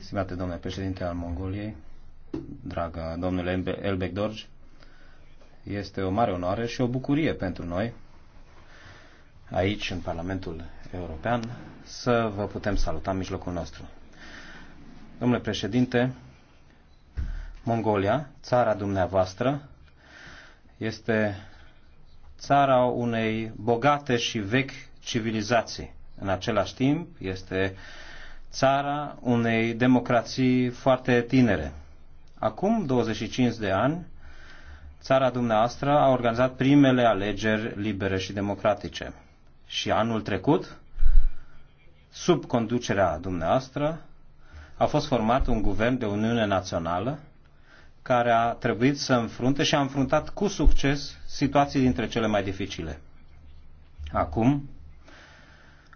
Stimate domnule președinte al Mongoliei, dragă domnule Elbek Dorj, este o mare onoare și o bucurie pentru noi aici, în Parlamentul European, să vă putem saluta în mijlocul nostru. Domnule președinte, Mongolia, țara dumneavoastră, este țara unei bogate și vechi civilizații. În același timp, este uh, țara unei democrații foarte tinere. Acum 25 de ani, țara dumneavoastră a organizat primele alegeri libere și democratice. Și anul trecut, sub conducerea dumneavoastră, a fost format un guvern de Uniune Națională care a trebuit să înfrunte și a înfruntat cu succes situații dintre cele mai dificile. Acum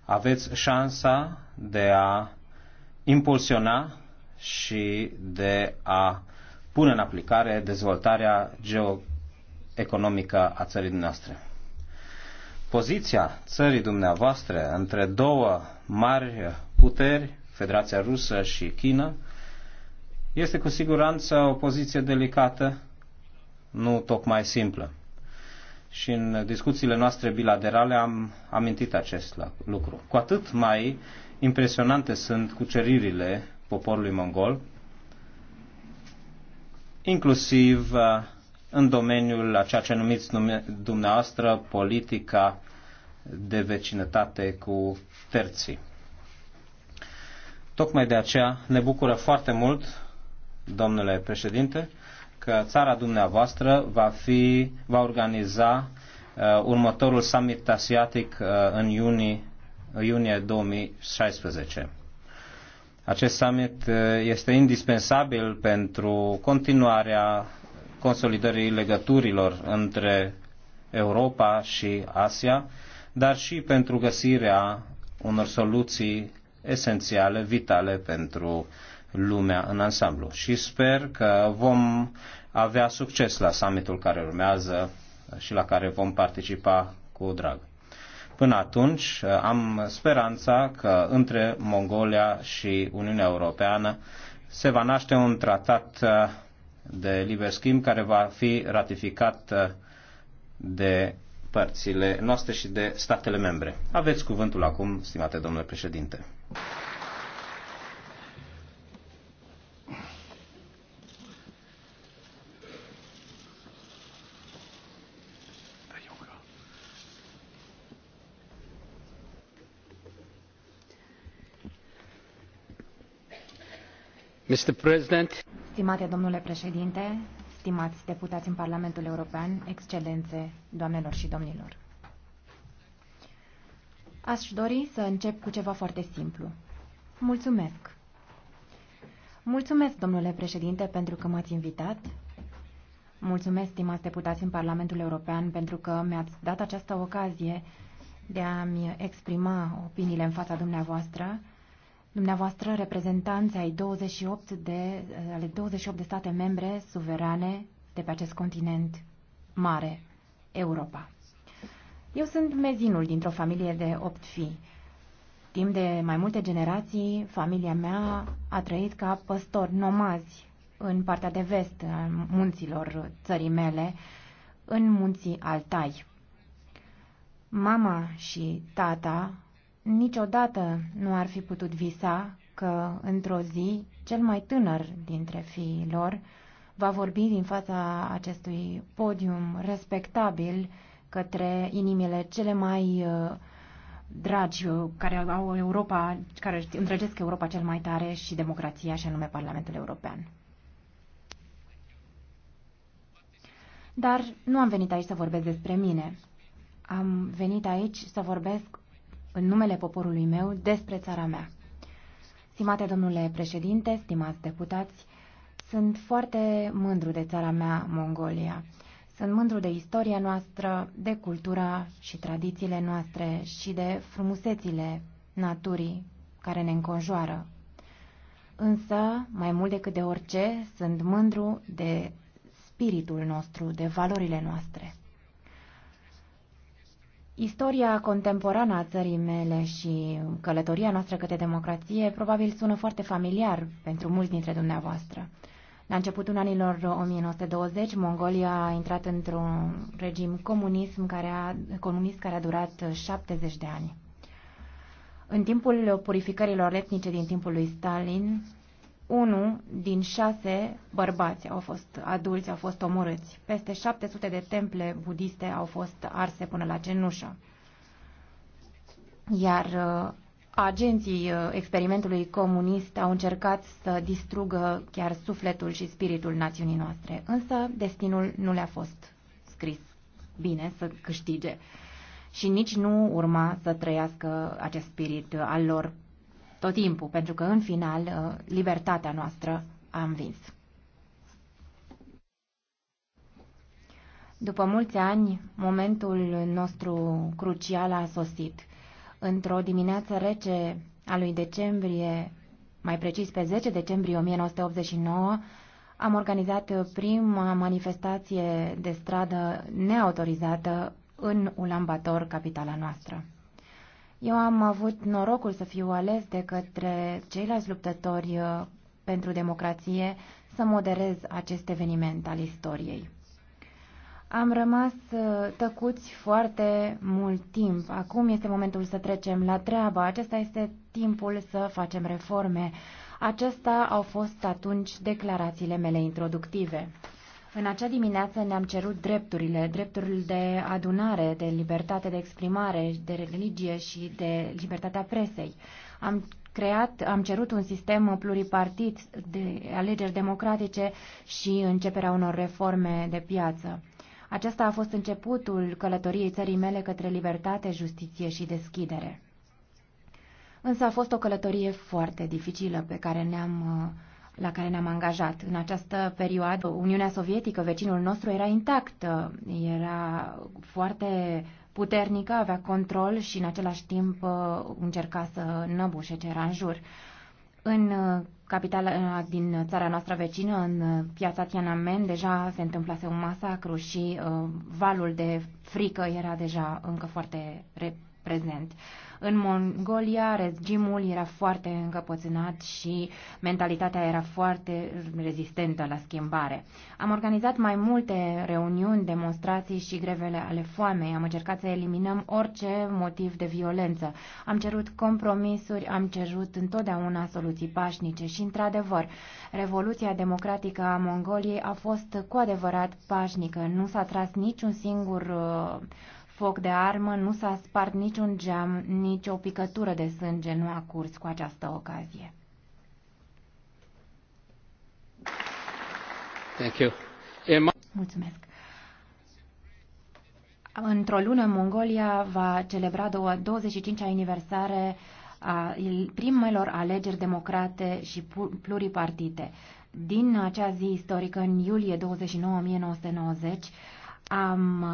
aveți șansa de a impulsiona și de a pune în aplicare dezvoltarea geoeconomică a țării noastre. Poziția țării dumneavoastră între două mari puteri, Federația Rusă și China, este cu siguranță o poziție delicată, nu tocmai simplă. Și în discuțiile noastre bilaterale am amintit acest lucru. Cu atât mai Impresionante sunt cuceririle poporului mongol, inclusiv uh, în domeniul a ceea ce numiți dumneavoastră politica de vecinătate cu terții. Tocmai de aceea ne bucură foarte mult, domnule președinte, că țara dumneavoastră va, fi, va organiza uh, următorul summit asiatic uh, în iunie iunie 2016. Acest summit uh, este indispensabil pentru continuarea consolidării legăturilor între Europa și Asia, dar și pentru găsirea unor soluții esențiale, vitale pentru lumea în ansamblu. Și sper că vom avea succes la summitul care urmează și la care vom participa cu drag. Până atunci uh, am speranța că între Mongolia și Uniunea Europeană se va naște un tratat uh, de liber schimb care va fi ratificat uh, de părțile noastre și de statele membre. Aveți cuvântul acum, stimate domnule președinte. Stimate domnule președinte, stimați deputați în Parlamentul European, excelențe, doamnelor și domnilor. Aș dori să încep cu ceva foarte simplu. Mulțumesc. Mulțumesc, domnule președinte, pentru că m-ați invitat. Mulțumesc, stimați deputați în Parlamentul European, pentru că mi-ați dat această ocazie de a-mi exprima opiniile în fața dumneavoastră Dumneavoastră, reprezentanți ai 28 de, ale 28 de state membre suverane de pe acest continent mare, Europa. Eu sunt mezinul dintr-o familie de opt fii. Timp de mai multe generații, familia mea a trăit ca păstori nomazi în partea de vest a munților țării mele, în munții Altai. Mama și tata niciodată nu ar fi putut visa că într-o zi cel mai tânăr dintre fiii lor va vorbi din fața acestui podium respectabil către inimile cele mai uh, dragi uh, care au Europa, care îndrăgesc Europa cel mai tare și democrația și anume Parlamentul European. Dar nu am venit aici să vorbesc despre mine. Am venit aici să vorbesc în numele poporului meu despre țara mea. Stimate domnule președinte, stimați deputați, sunt foarte mândru de țara mea, Mongolia. Sunt mândru de istoria noastră, de cultura și tradițiile noastre și de frumusețile naturii care ne înconjoară. Însă, mai mult decât de orice, sunt mândru de spiritul nostru, de valorile noastre. Istoria contemporană a țării mele și călătoria noastră către democrație probabil sună foarte familiar pentru mulți dintre dumneavoastră. La începutul anilor 1920, Mongolia a intrat într-un regim comunism care a, comunist care a durat 70 de ani. În timpul purificărilor etnice din timpul lui Stalin, 1 din 6 bărbați au fost adulți, au fost omorâți. Peste 700 de temple budiste au fost arse până la cenușă. Iar uh, agenții uh, experimentului comunist au încercat să distrugă chiar sufletul și spiritul națiunii noastre, însă destinul nu le-a fost scris bine să câștige și nici nu urma să trăiască acest spirit uh, al lor tot timpul, pentru că, în final, uh, libertatea noastră a învins. După mulți ani, momentul nostru crucial a sosit. Într-o dimineață rece a lui decembrie, mai precis pe 10 decembrie 1989, am organizat prima manifestație de stradă neautorizată în Ulaanbaatar, capitala noastră. Eu am avut norocul să fiu ales de către ceilalți luptători uh, pentru democrație să moderez acest eveniment al istoriei. Am rămas uh, tăcuți foarte mult timp. Acum este momentul să trecem la treabă. Acesta este timpul să facem reforme. Acestea au fost atunci declarațiile mele introductive. În acea dimineață ne-am cerut drepturile, drepturile de adunare, de libertate de exprimare, de religie și de libertatea presei. Am creat, am cerut un sistem pluripartit de alegeri democratice și începerea unor reforme de piață. Acesta a fost începutul călătoriei țării mele către libertate, justiție și deschidere. Însă a fost o călătorie foarte dificilă pe care ne-am uh, la care ne-am angajat. În această perioadă, Uniunea Sovietică, vecinul nostru, era intactă, era foarte puternică, avea control și în același timp încerca să năbușe ce era în jur. În capitala din țara noastră vecină, în piața Tiananmen, deja se întâmplase un masacru și uh, valul de frică era deja încă foarte prezent. În Mongolia regimul era foarte încăpățânat și mentalitatea era foarte rezistentă la schimbare. Am organizat mai multe reuniuni, demonstrații și grevele ale foamei. Am încercat să eliminăm orice motiv de violență. Am cerut compromisuri, am cerut întotdeauna soluții pașnice și, într-adevăr, Revoluția Democratică a Mongoliei a fost cu adevărat pașnică. Nu s-a tras niciun singur uh, foc de armă, nu s-a spart niciun geam, nici o picătură de sânge nu a curs cu această ocazie. Thank you. Mulțumesc. Într-o lună, Mongolia va celebra 25-a aniversare a primelor alegeri democrate și pluripartite. Din acea zi istorică, în iulie 29 1990, am,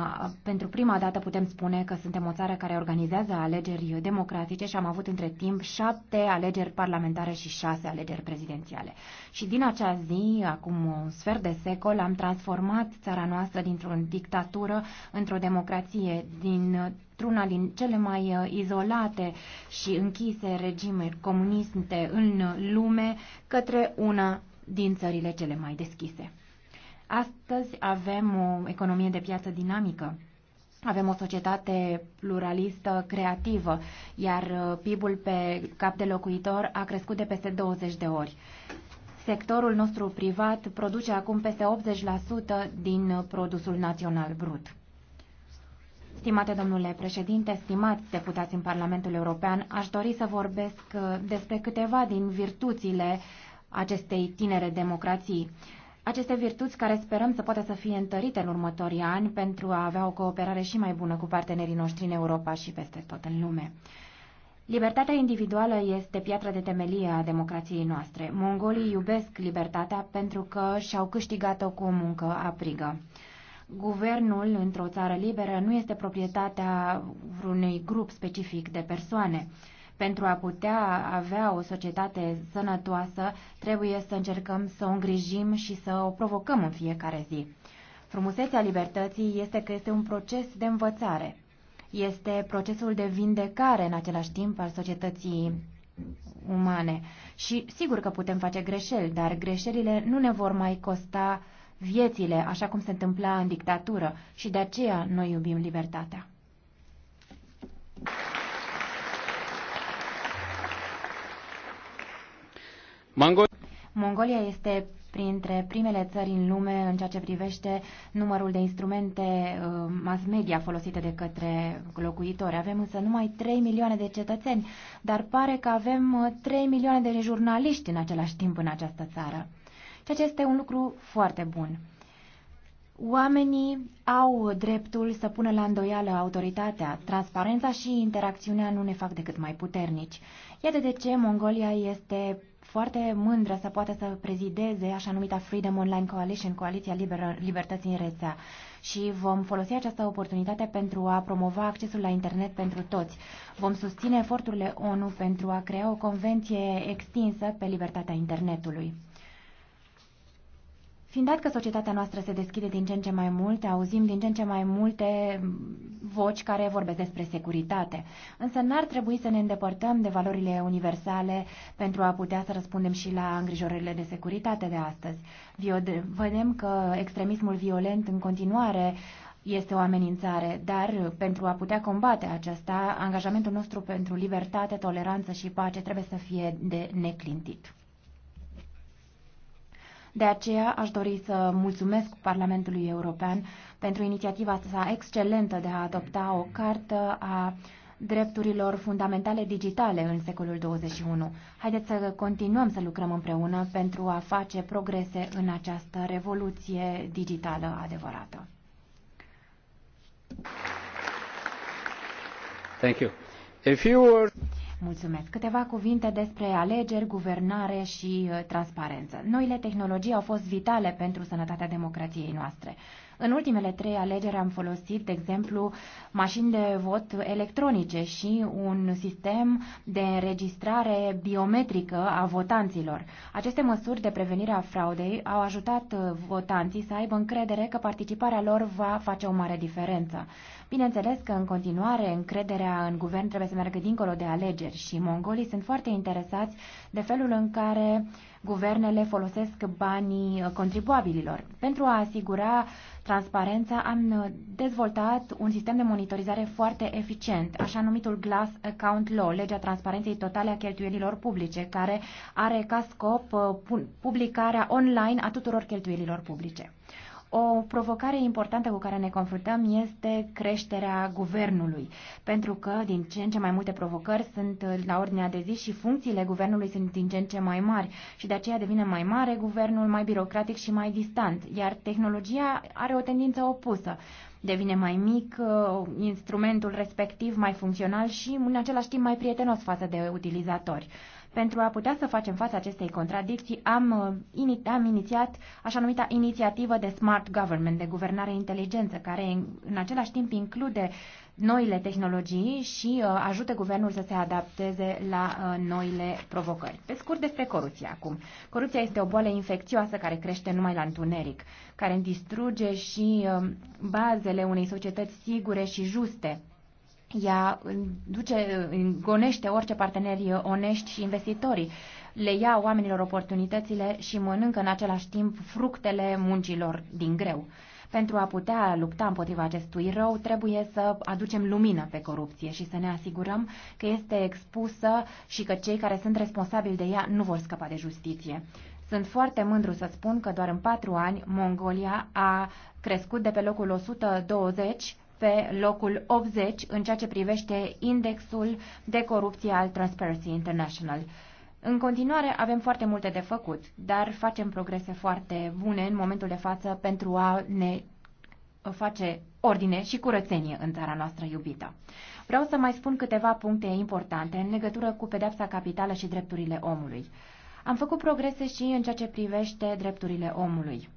pentru prima dată putem spune că suntem o țară care organizează alegeri democratice și am avut între timp șapte alegeri parlamentare și șase alegeri prezidențiale. Și din acea zi, acum un sfert de secol, am transformat țara noastră dintr-o dictatură într-o democrație, din una din cele mai uh, izolate și închise regimuri comuniste în lume către una din țările cele mai deschise. Astăzi avem o economie de piață dinamică. Avem o societate pluralistă, creativă, iar uh, PIB-ul pe cap de locuitor a crescut de peste 20 de ori. Sectorul nostru privat produce acum peste 80% din uh, produsul național brut. Stimate domnule președinte, stimați deputați în Parlamentul European, aș dori să vorbesc uh, despre câteva din virtuțile acestei tinere democrații. Aceste virtuți care sperăm să poată să fie întărite în următorii ani pentru a avea o cooperare și mai bună cu partenerii noștri în Europa și peste tot în lume. Libertatea individuală este piatra de temelie a democrației noastre. Mongolii iubesc libertatea pentru că și-au câștigat-o cu o muncă aprigă. Guvernul într-o țară liberă nu este proprietatea vreunui grup specific de persoane. Pentru a putea avea o societate sănătoasă, trebuie să încercăm să o îngrijim și să o provocăm în fiecare zi. Frumusețea libertății este că este un proces de învățare. Este procesul de vindecare în același timp al societății umane. Și sigur că putem face greșeli, dar greșelile nu ne vor mai costa viețile, așa cum se întâmpla în dictatură, și de aceea noi iubim libertatea. Mongolia. Mongolia este printre primele țări în lume în ceea ce privește numărul de instrumente uh, mass media folosite de către locuitori. Avem însă numai 3 milioane de cetățeni, dar pare că avem 3 uh, milioane de jurnaliști în același timp în această țară, ceea ce este un lucru foarte bun. Oamenii au dreptul să pună la îndoială autoritatea. Transparența și interacțiunea nu ne fac decât mai puternici. Iată de ce Mongolia este foarte mândră să poată să prezideze așa numita Freedom Online Coalition, Coaliția Liber- Libertății în rețea. Și vom folosi această oportunitate pentru a promova accesul la internet pentru toți. Vom susține eforturile ONU pentru a crea o convenție extinsă pe libertatea internetului. Fiind dat că societatea noastră se deschide din ce în ce mai multe, auzim din ce în ce mai multe mm, voci care vorbesc despre securitate. Însă n-ar trebui să ne îndepărtăm de valorile universale pentru a putea să răspundem și la îngrijorările de securitate de astăzi. Vedem că extremismul violent în continuare este o amenințare, dar pentru a putea combate aceasta, angajamentul nostru pentru libertate, toleranță și pace trebuie să fie de neclintit. De aceea aș dori să mulțumesc Parlamentului European pentru inițiativa sa excelentă de a adopta o cartă a drepturilor fundamentale digitale în secolul 21. Haideți să continuăm să lucrăm împreună pentru a face progrese în această revoluție digitală adevărată. Thank you. If you were... Mulțumesc. Câteva cuvinte despre alegeri, guvernare și uh, transparență. Noile tehnologii au fost vitale pentru sănătatea democrației noastre. În ultimele trei alegeri am folosit, de exemplu, mașini de vot electronice și un sistem de înregistrare biometrică a votanților. Aceste măsuri de prevenire a fraudei au ajutat votanții să aibă încredere că participarea lor va face o mare diferență. Bineînțeles că în continuare încrederea în guvern trebuie să meargă dincolo de alegeri și mongolii sunt foarte interesați de felul în care guvernele folosesc banii contribuabililor. Pentru a asigura transparența am dezvoltat un sistem de monitorizare foarte eficient, așa numitul Glass Account Law, legea transparenței totale a cheltuielilor publice, care are ca scop uh, publicarea online a tuturor cheltuielilor publice. O provocare importantă cu care ne confruntăm este creșterea guvernului, pentru că din ce în ce mai multe provocări sunt la ordinea de zi și funcțiile guvernului sunt din ce în ce mai mari și de aceea devine mai mare guvernul, mai birocratic și mai distant, iar tehnologia are o tendință opusă. Devine mai mic, uh, instrumentul respectiv mai funcțional și în același timp mai prietenos față de utilizatori. Pentru a putea să facem față acestei contradicții, am, uh, am inițiat așa numita inițiativă de Smart Government, de guvernare inteligență, care în același timp include noile tehnologii și uh, ajute guvernul să se adapteze la uh, noile provocări. Pe scurt, despre corupție acum. Corupția este o boală infecțioasă care crește numai la întuneric, care distruge și uh, bazele unei societăți sigure și juste ea duce, gonește orice parteneri onești și investitorii, le ia oamenilor oportunitățile și mănâncă în același timp fructele muncilor din greu. Pentru a putea lupta împotriva acestui rău, trebuie să aducem lumină pe corupție și să ne asigurăm că este expusă și că cei care sunt responsabili de ea nu vor scăpa de justiție. Sunt foarte mândru să spun că doar în patru ani Mongolia a crescut de pe locul 120 pe locul 80 în ceea ce privește indexul de corupție al Transparency International. În continuare avem foarte multe de făcut, dar facem progrese foarte bune în momentul de față pentru a ne face ordine și curățenie în țara noastră iubită. Vreau să mai spun câteva puncte importante în legătură cu pedepsa capitală și drepturile omului. Am făcut progrese și în ceea ce privește drepturile omului.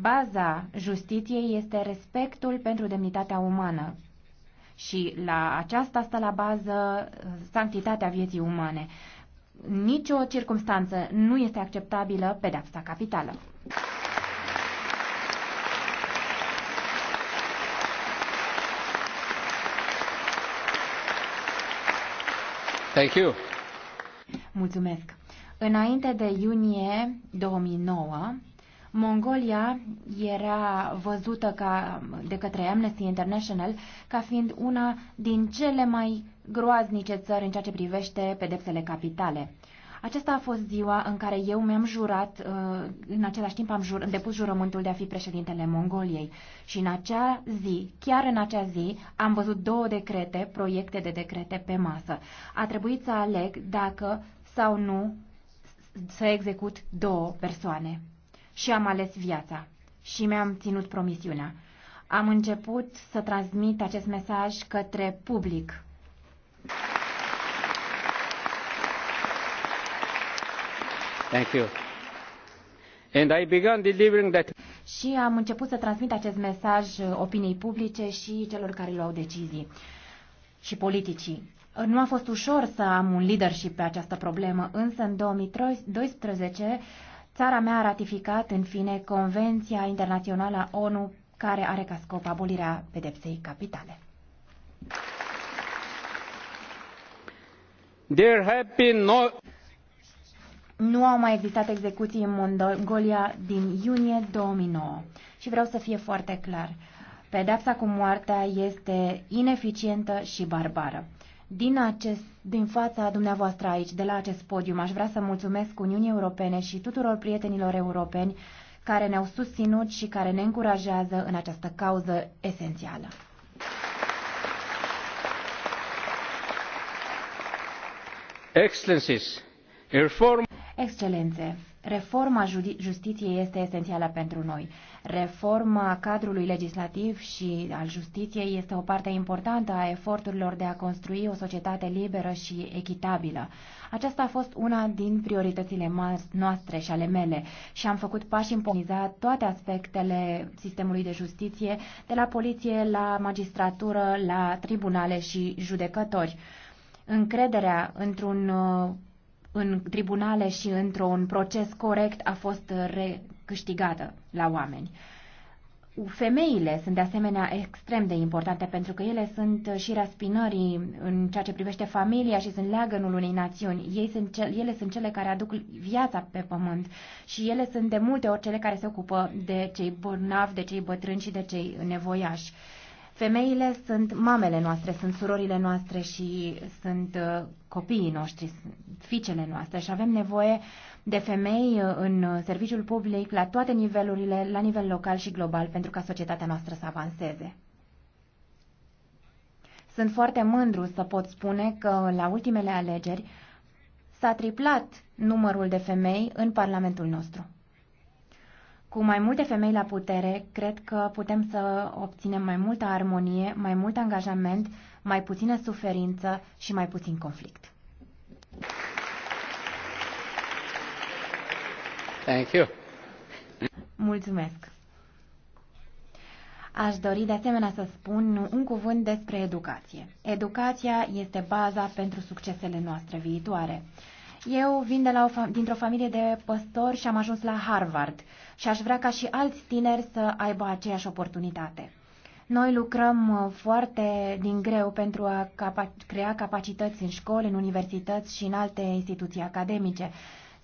Baza justiției este respectul pentru demnitatea umană și la aceasta stă la bază uh, sanctitatea vieții umane. Nicio circumstanță nu este acceptabilă pedeapsa capitală. Thank you. Mulțumesc. Înainte de iunie 2009, Mongolia era văzută ca, de către Amnesty International ca fiind una din cele mai groaznice țări în ceea ce privește pedepsele capitale. Aceasta a fost ziua în care eu mi-am jurat, uh, în același timp am jur, depus jurământul de a fi președintele Mongoliei. Și în acea zi, chiar în acea zi, am văzut două decrete, proiecte de decrete pe masă. A trebuit să aleg dacă sau nu să execut două persoane și am ales viața și mi-am ținut promisiunea. Am început să transmit acest mesaj către public. Thank you. And I began delivering that... Și am început să transmit acest mesaj opiniei publice și celor care luau decizii și politicii. Nu a fost ușor să am un leadership pe această problemă, însă în 2012 Țara mea a ratificat, în fine, Convenția Internațională a ONU, care are ca scop abolirea pedepsei capitale. There have been no... Nu au mai existat execuții în Mongolia din iunie 2009. Și vreau să fie foarte clar. Pedepsa cu moartea este ineficientă și barbară. Din, acest, din fața dumneavoastră aici, de la acest podium, aș vrea să mulțumesc Uniunii Europene și tuturor prietenilor europeni care ne-au susținut și care ne încurajează în această cauză esențială. reform... Excelențe, reforma justiției este esențială pentru noi. Reforma cadrului legislativ și al justiției este o parte importantă a eforturilor de a construi o societate liberă și echitabilă. Aceasta a fost una din prioritățile noastre și ale mele și am făcut pași în toate aspectele sistemului de justiție, de la poliție la magistratură, la tribunale și judecători. Încrederea într-un uh, în tribunale și într-un proces corect a fost re câștigată la oameni. Femeile sunt de asemenea extrem de importante pentru că ele sunt și raspinării în ceea ce privește familia și sunt leagănul unei națiuni. Ei sunt cel, ele sunt cele care aduc viața pe pământ și ele sunt de multe ori cele care se ocupă de cei bolnavi, de cei bătrâni și de cei nevoiași. Femeile sunt mamele noastre, sunt surorile noastre și sunt uh, copiii noștri, fiicele noastre și avem nevoie de femei uh, în uh, serviciul public la toate nivelurile, la nivel local și global, pentru ca societatea noastră să avanseze. Sunt foarte mândru să pot spune că la ultimele alegeri s-a triplat numărul de femei în Parlamentul nostru. Cu mai multe femei la putere, cred că putem să obținem mai multă armonie, mai mult angajament, mai puțină suferință și mai puțin conflict. Mulțumesc. Aș dori de asemenea să spun un cuvânt despre educație. Educația este baza pentru succesele noastre viitoare. Eu vin de la o dintr-o familie de păstori și am ajuns la Harvard și aș vrea ca și alți tineri să aibă aceeași oportunitate. Noi lucrăm uh, foarte din greu pentru a capa- crea capacități în școli, în universități și în alte instituții academice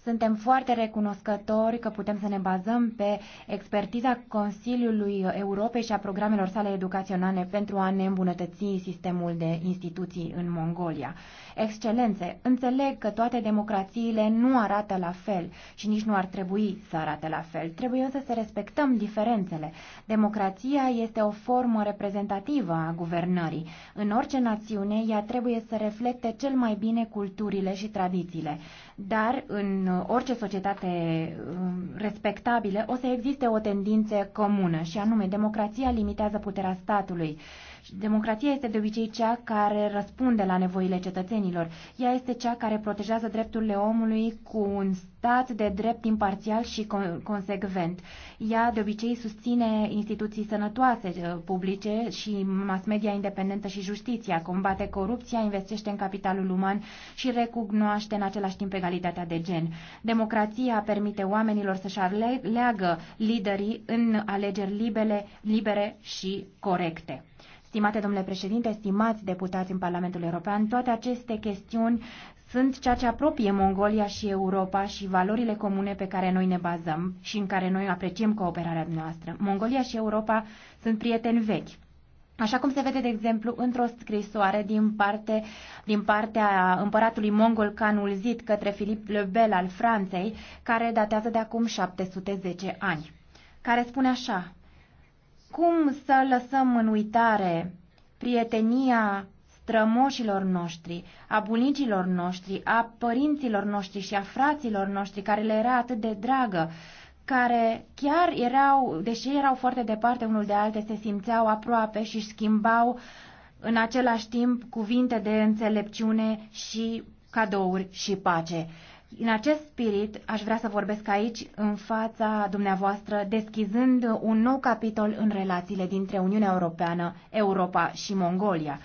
suntem foarte recunoscători că putem să ne bazăm pe expertiza Consiliului Europei și a programelor sale educaționale pentru a ne îmbunătăți sistemul de instituții în Mongolia. Excelențe, înțeleg că toate democrațiile nu arată la fel și nici nu ar trebui să arate la fel. Trebuie însă să respectăm diferențele. Democrația este o formă reprezentativă a guvernării. În orice națiune, ea trebuie să reflecte cel mai bine culturile și tradițiile dar în orice societate um, respectabilă o să existe o tendință comună și anume democrația limitează puterea statului. Democrația este de obicei cea care răspunde la nevoile cetățenilor. Ea este cea care protejează drepturile omului cu un stat de drept imparțial și consecvent. Ea de obicei susține instituții sănătoase uh, publice și mass media independentă și justiția, combate corupția, investește în capitalul uman și recunoaște în același timp egalitatea de gen. Democrația permite oamenilor să-și aleagă liderii în alegeri libere, libere și corecte. Stimate domnule președinte, stimați deputați în Parlamentul European, toate aceste chestiuni sunt ceea ce apropie Mongolia și Europa și valorile comune pe care noi ne bazăm și în care noi apreciem cooperarea noastră. Mongolia și Europa sunt prieteni vechi. Așa cum se vede, de exemplu, într-o scrisoare din, parte, din partea împăratului mongol Zid către Filip le Bel al Franței, care datează de acum 710 ani, care spune așa, Cum să lăsăm în uitare prietenia strămoșilor noștri, a bunicilor noștri, a părinților noștri și a fraților noștri, care le era atât de dragă, care chiar erau, deși erau foarte departe unul de alte, se simțeau aproape și schimbau în același timp cuvinte de înțelepciune și cadouri și pace. În acest spirit aș vrea să vorbesc aici, în fața dumneavoastră, deschizând un nou capitol în relațiile dintre Uniunea Europeană, Europa și Mongolia.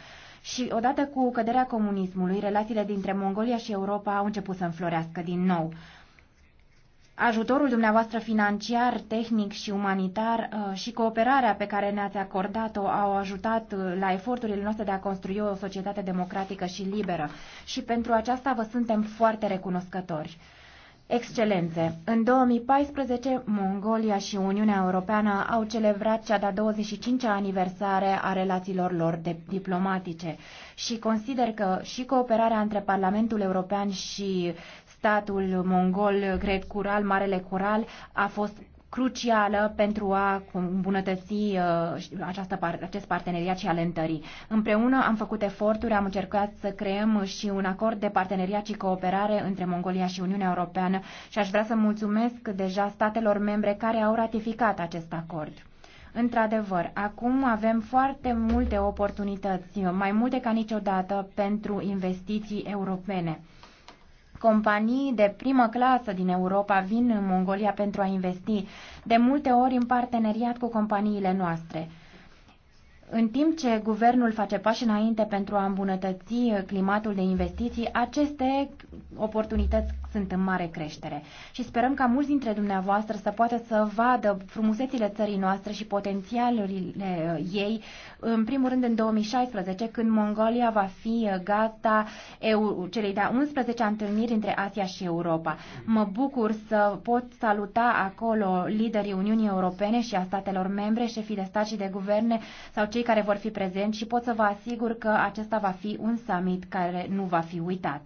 Și odată cu căderea comunismului, relațiile dintre Mongolia și Europa au început să înflorească din nou. Ajutorul dumneavoastră financiar, tehnic și umanitar uh, și cooperarea pe care ne-ați acordat-o au ajutat uh, la eforturile noastre de a construi o societate democratică și liberă și pentru aceasta vă suntem foarte recunoscători. Excelențe, în 2014, Mongolia și Uniunea Europeană au celebrat cea de-a 25-a aniversare a relațiilor lor de diplomatice și consider că și cooperarea între Parlamentul European și statul mongol cred Cural, Marele Cural, a fost crucială pentru a îmbunătăți uh, această, acest parteneriat și alentării. Împreună am făcut eforturi, am încercat să creăm și un acord de parteneriat și cooperare între Mongolia și Uniunea Europeană și aș vrea să mulțumesc deja statelor membre care au ratificat acest acord. Într-adevăr, acum avem foarte multe oportunități, mai multe ca niciodată, pentru investiții europene. Companii de primă clasă din Europa vin în Mongolia pentru a investi, de multe ori în parteneriat cu companiile noastre. În timp ce guvernul face pași înainte pentru a îmbunătăți climatul de investiții, aceste oportunități sunt în mare creștere și sperăm ca mulți dintre dumneavoastră să poată să vadă frumusețile țării noastre și potențialurile uh, ei, în primul rând în 2016, când Mongolia va fi uh, gata celei de-a 11-a întâlniri între Asia și Europa. Mă bucur să pot saluta acolo liderii Uniunii Europene și a statelor membre, șefii de stat și de guverne sau cei care vor fi prezenți și pot să vă asigur că acesta va fi un summit care nu va fi uitat.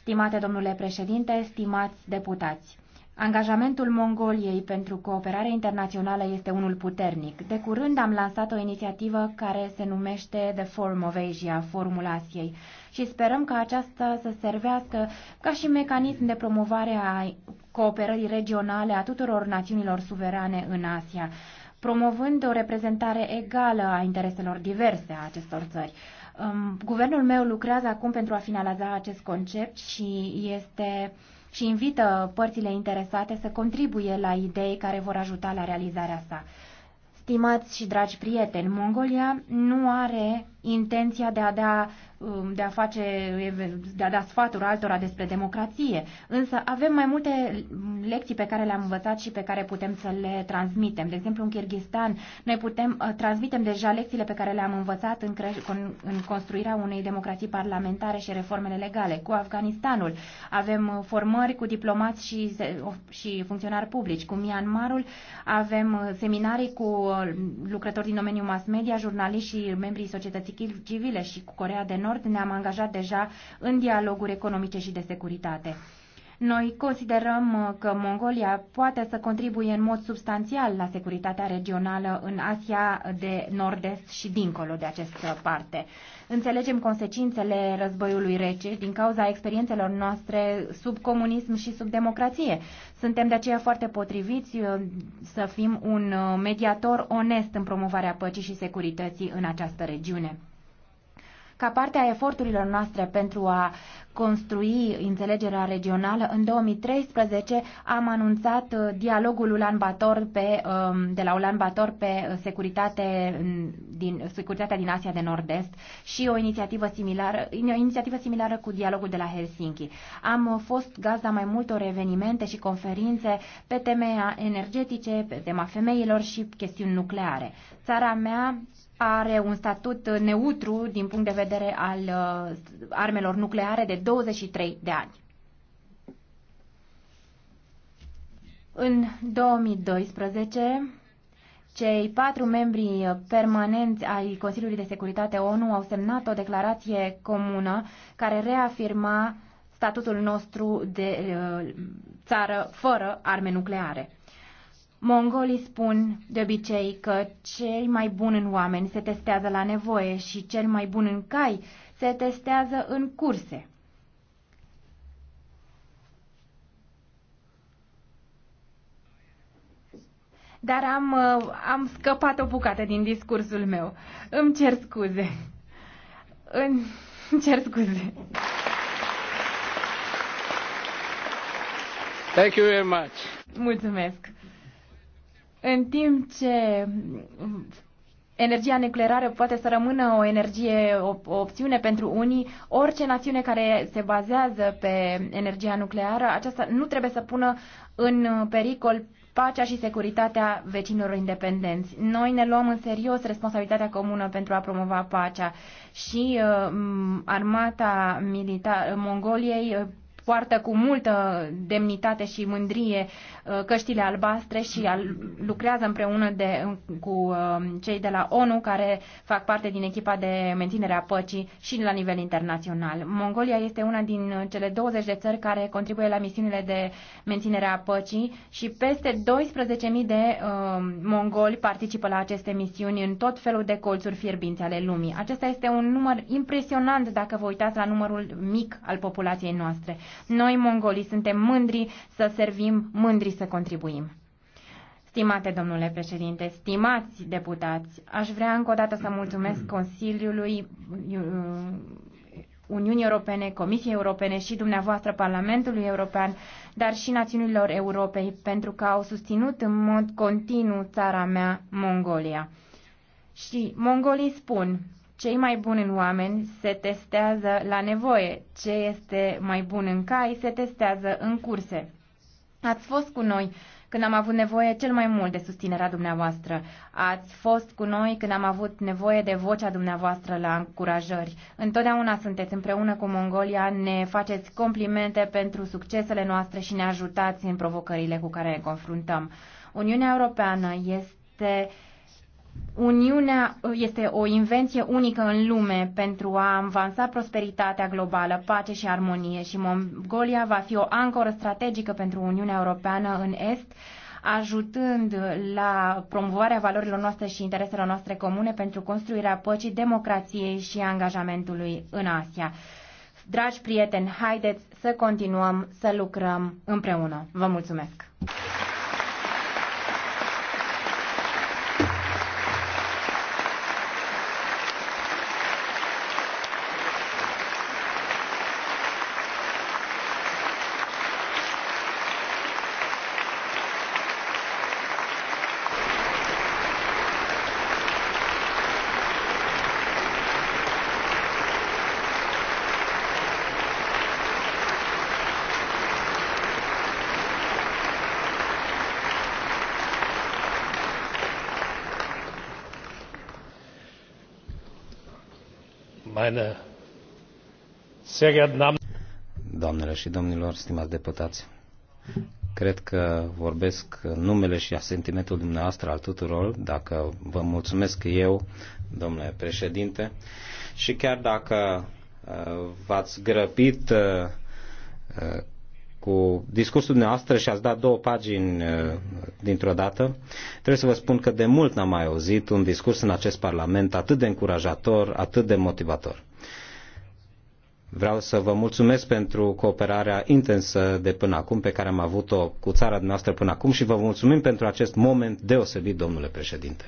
Stimate domnule președinte, stimați deputați, angajamentul Mongoliei pentru cooperare internațională este unul puternic. De curând am lansat o inițiativă care se numește The Forum of Asia, Formul Asiei, și sperăm ca aceasta să servească ca și mecanism de promovare a cooperării regionale a tuturor națiunilor suverane în Asia promovând o reprezentare egală a intereselor diverse a acestor țări. Um, guvernul meu lucrează acum pentru a finaliza acest concept și este și invită părțile interesate să contribuie la idei care vor ajuta la realizarea sa. Stimați și dragi prieteni, Mongolia nu are intenția de a da Um, de a, face, de a da sfaturi altora despre democrație. Însă avem mai multe lecții pe care le-am învățat și pe care putem să le transmitem. De exemplu, în Kirghistan, noi putem uh, transmitem deja lecțiile pe care le-am învățat în, creș- în construirea unei democrații parlamentare și reformele legale. Cu Afganistanul avem uh, formări cu diplomați și, și funcționari publici. Cu Myanmarul avem uh, seminarii cu lucrători din domeniul mass media, jurnaliști și membrii societății civile și cu Corea de Nord Nord ne-am angajat deja în dialoguri economice și de securitate. Noi considerăm uh, că Mongolia poate să contribuie în mod substanțial la securitatea regională în Asia de nord-est și dincolo de această parte. Înțelegem consecințele războiului rece din cauza experiențelor noastre sub comunism și sub democrație. Suntem de aceea foarte potriviți uh, să fim un uh, mediator onest în promovarea păcii și securității în această regiune ca parte a eforturilor noastre pentru a construi înțelegerea regională, în 2013 am anunțat uh, dialogul Ulan Bator pe, um, de la Ulan Bator pe uh, securitate din, securitatea din Asia de Nord-Est și o inițiativă similară, o inițiativă similară cu dialogul de la Helsinki. Am uh, fost gazda mai multor evenimente și conferințe pe teme energetice, pe tema femeilor și chestiuni nucleare. Țara mea are un statut neutru din punct de vedere al armelor nucleare de 23 de ani. În 2012, cei patru membri permanenți ai Consiliului de Securitate ONU au semnat o declarație comună care reafirma statutul nostru de uh, țară fără arme nucleare. Mongolii spun de obicei că cel mai bun în oameni se testează la nevoie și cel mai bun în cai se testează în curse. dar am, uh, am scăpat o bucată din discursul meu. Îmi cer scuze. Îmi cer scuze. Thank you very much. Mulțumesc. În timp ce energia nucleară poate să rămână o energie, o, o opțiune pentru unii, orice națiune care se bazează pe energia nucleară, aceasta nu trebuie să pună în pericol pacea și securitatea vecinilor independenți. Noi ne luăm în serios responsabilitatea comună pentru a promova pacea și uh, armata militar Mongoliei uh, poartă cu multă demnitate și mândrie uh, căștile albastre și lucrează împreună de, cu uh, cei de la ONU care fac parte din echipa de menținere a păcii și la nivel internațional. Mongolia este una din uh, cele 20 de țări care contribuie la misiunile de menținere a păcii și peste 12.000 de uh, mongoli participă la aceste misiuni în tot felul de colțuri fierbinți ale lumii. Acesta este un număr impresionant dacă vă uitați la numărul mic al populației noastre. Noi, mongolii, suntem mândri să servim, mândri să contribuim. Stimate domnule președinte, stimați deputați, aș vrea încă o dată să mulțumesc Consiliului uh, Uniunii Europene, Comisiei Europene și dumneavoastră Parlamentului European, dar și Națiunilor Europei, pentru că au susținut în mod continuu țara mea, Mongolia. Și mongolii spun, cei mai buni în oameni se testează la nevoie. Ce este mai bun în cai se testează în curse. Ați fost cu noi când am avut nevoie cel mai mult de susținerea dumneavoastră. Ați fost cu noi când am avut nevoie de vocea dumneavoastră la încurajări. Întotdeauna sunteți împreună cu Mongolia, ne faceți complimente pentru succesele noastre și ne ajutați în provocările cu care ne confruntăm. Uniunea Europeană este Uniunea uh, este o invenție unică în lume pentru a avansa prosperitatea globală, pace și armonie și Mongolia va fi o ancoră strategică pentru Uniunea Europeană în Est, ajutând la promovarea valorilor noastre și intereselor noastre comune pentru construirea păcii, democrației și angajamentului în Asia. Dragi prieteni, haideți să continuăm să lucrăm împreună. Vă mulțumesc! meine sehr geehrten Damen. și domnilor, stimați deputați, cred că vorbesc numele și sentimentul dumneavoastră al tuturor, dacă vă mulțumesc eu, domnule președinte, și chiar dacă uh, v-ați grăbit uh, uh, cu discursul dumneavoastră și ați dat două pagini uh, dintr-o dată, trebuie să vă spun că de mult n-am mai auzit un discurs în acest Parlament atât de încurajator, atât de motivator. Vreau să vă mulțumesc pentru cooperarea intensă de până acum pe care am avut-o cu țara noastră până acum și vă mulțumim pentru acest moment deosebit, domnule președinte.